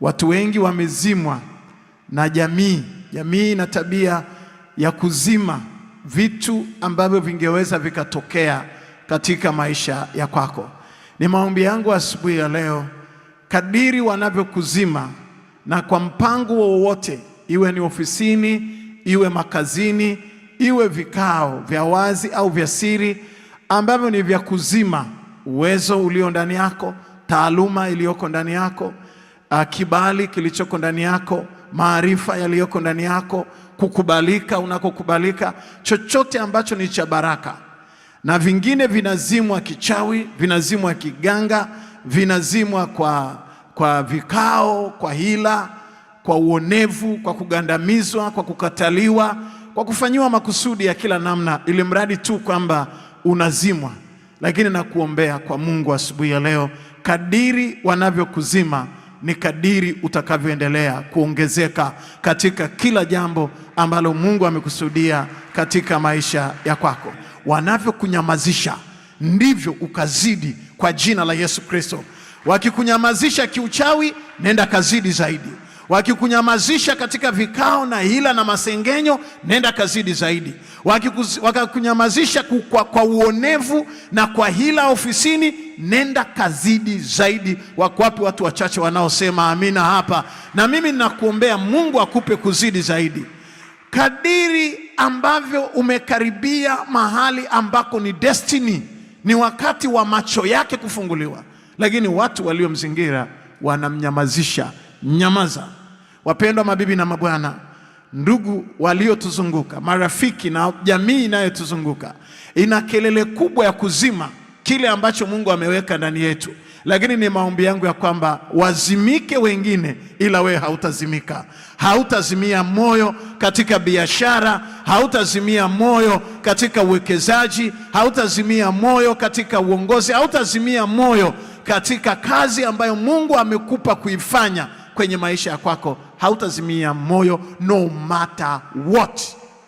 Watu wengi wamezimwa na jamii. Jamii ina tabia ya kuzima vitu ambavyo vingeweza vikatokea katika maisha ya kwako. Ni maombi yangu asubuhi ya leo, kadiri wanavyokuzima na kwa mpango wowote, iwe ni ofisini, iwe makazini, iwe vikao vya wazi au vya siri, ambavyo ni vya kuzima uwezo ulio ndani yako, taaluma iliyoko ndani yako Ah, kibali kilichoko ndani yako, maarifa yaliyoko ndani yako, kukubalika unakokubalika, chochote ambacho ni cha baraka. Na vingine vinazimwa kichawi, vinazimwa kiganga, vinazimwa kwa, kwa vikao, kwa hila, kwa uonevu, kwa kugandamizwa, kwa kukataliwa, kwa kufanyiwa makusudi ya kila namna, ili mradi tu kwamba unazimwa. Lakini nakuombea kwa Mungu asubuhi ya leo, kadiri wanavyokuzima ni kadiri utakavyoendelea kuongezeka katika kila jambo ambalo Mungu amekusudia katika maisha ya kwako. Wanavyokunyamazisha ndivyo ukazidi kwa jina la Yesu Kristo. Wakikunyamazisha kiuchawi, nenda kazidi zaidi wakikunyamazisha katika vikao na hila na masengenyo, nenda kazidi zaidi. Wakakunyamazisha kwa, kwa uonevu na kwa hila ofisini, nenda kazidi zaidi. Wako wapi watu wachache wanaosema amina hapa? Na mimi ninakuombea Mungu akupe kuzidi zaidi kadiri ambavyo umekaribia mahali ambako ni destiny, ni wakati wa macho yake kufunguliwa, lakini watu waliomzingira wanamnyamazisha. Nyamaza. Wapendwa mabibi na mabwana, ndugu waliotuzunguka, marafiki na jamii inayotuzunguka ina kelele kubwa ya kuzima kile ambacho Mungu ameweka ndani yetu, lakini ni maombi yangu ya kwamba wazimike wengine, ila wewe hautazimika. Hautazimia moyo katika biashara, hautazimia moyo katika uwekezaji, hautazimia moyo katika uongozi, hautazimia moyo katika kazi ambayo Mungu amekupa kuifanya kwenye maisha ya kwako, hautazimia moyo no matter what.